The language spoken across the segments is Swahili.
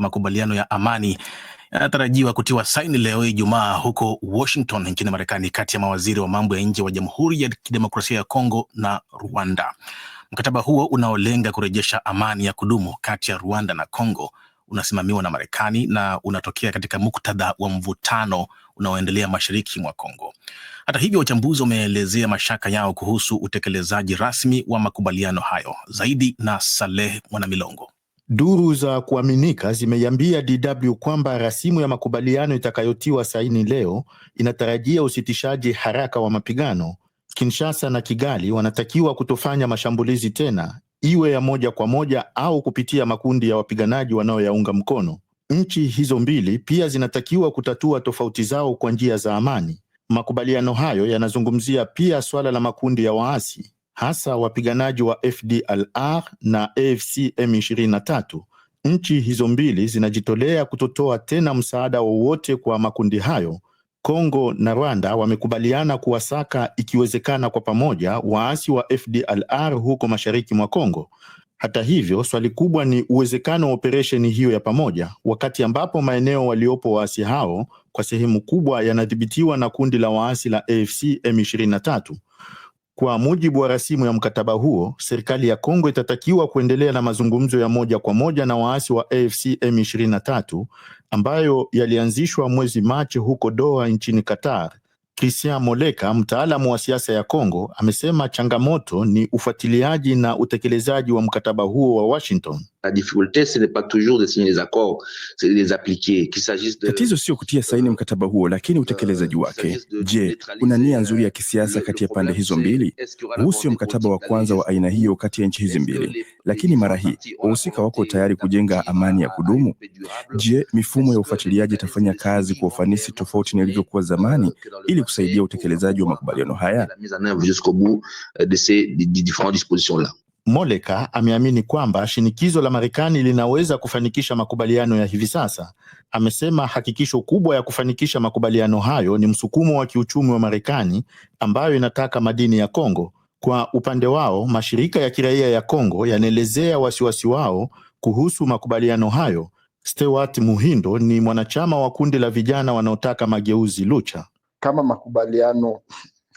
Makubaliano ya amani yanatarajiwa kutiwa saini leo Ijumaa huko Washington nchini Marekani, kati ya mawaziri wa mambo ya nje wa Jamhuri ya Kidemokrasia ya Kongo na Rwanda. Mkataba huo unaolenga kurejesha amani ya kudumu kati ya Rwanda na Kongo unasimamiwa na Marekani na unatokea katika muktadha wa mvutano unaoendelea mashariki mwa Kongo. Hata hivyo, wachambuzi wameelezea mashaka yao kuhusu utekelezaji rasmi wa makubaliano hayo. Zaidi na Saleh Mwanamilongo. Duru za kuaminika zimeiambia DW kwamba rasimu ya makubaliano itakayotiwa saini leo inatarajia usitishaji haraka wa mapigano. Kinshasa na Kigali wanatakiwa kutofanya mashambulizi tena, iwe ya moja kwa moja au kupitia makundi ya wapiganaji wanaoyaunga mkono. Nchi hizo mbili pia zinatakiwa kutatua tofauti zao kwa njia za amani. Makubaliano hayo yanazungumzia pia swala la makundi ya waasi hasa wapiganaji wa FDLR na AFC M23. Nchi hizo mbili zinajitolea kutotoa tena msaada wowote kwa makundi hayo. Kongo na Rwanda wamekubaliana kuwasaka ikiwezekana kwa pamoja waasi wa FDLR huko mashariki mwa Kongo. Hata hivyo, swali kubwa ni uwezekano wa operesheni hiyo ya pamoja, wakati ambapo maeneo waliopo waasi hao kwa sehemu kubwa yanadhibitiwa na kundi la waasi la AFC M23. Kwa mujibu wa rasimu ya mkataba huo, serikali ya Kongo itatakiwa kuendelea na mazungumzo ya moja kwa moja na waasi wa AFC M23 ambayo yalianzishwa mwezi Machi huko Doha nchini Qatar. Christian Moleka, mtaalamu wa siasa ya Kongo, amesema changamoto ni ufuatiliaji na utekelezaji wa mkataba huo wa Washington. La difficulté, ce n'est pas toujours de signer les accords, c'est de les appliquer. Tatizo sio kutia saini mkataba huo, lakini utekelezaji wake. Euh, Je, kuna nia nzuri ya kisiasa kati ya pande hizo mbili? Huu sio mkataba wa kwanza wa aina hiyo kati ya nchi hizi mbili, lakini mara hii wahusika wako tayari kujenga amani ya kudumu. Je, mifumo ya ufuatiliaji itafanya kazi kwa ufanisi tofauti na ilivyokuwa zamani, ili kusaidia utekelezaji wa makubaliano haya? Moleka ameamini kwamba shinikizo la Marekani linaweza kufanikisha makubaliano ya hivi sasa. Amesema hakikisho kubwa ya kufanikisha makubaliano hayo ni msukumo wa kiuchumi wa Marekani ambayo inataka madini ya Kongo. Kwa upande wao, mashirika ya kiraia ya Kongo yanaelezea wasiwasi wao kuhusu makubaliano hayo. Stewart Muhindo ni mwanachama wa kundi la vijana wanaotaka mageuzi Lucha. Kama makubaliano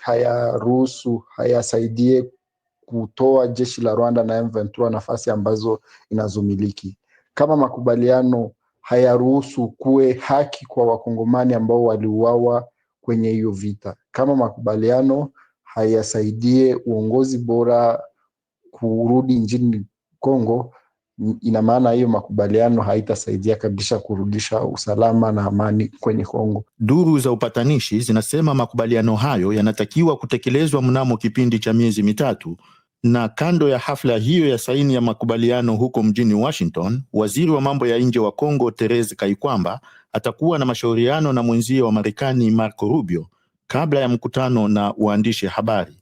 hayaruhusu hayasaidie kutoa jeshi la Rwanda na M23 nafasi ambazo inazomiliki. Kama makubaliano hayaruhusu, kuwe haki kwa wakongomani ambao waliuawa kwenye hiyo vita. Kama makubaliano hayasaidie uongozi bora kurudi nchini Kongo, ina maana hiyo makubaliano haitasaidia kabisa kurudisha usalama na amani kwenye Kongo. Duru za upatanishi zinasema makubaliano hayo yanatakiwa kutekelezwa mnamo kipindi cha miezi mitatu. Na kando ya hafla hiyo ya saini ya makubaliano huko mjini Washington, waziri wa mambo ya nje wa Kongo Therese Kaikwamba atakuwa na mashauriano na mwenzie wa Marekani Marco Rubio kabla ya mkutano na waandishi habari.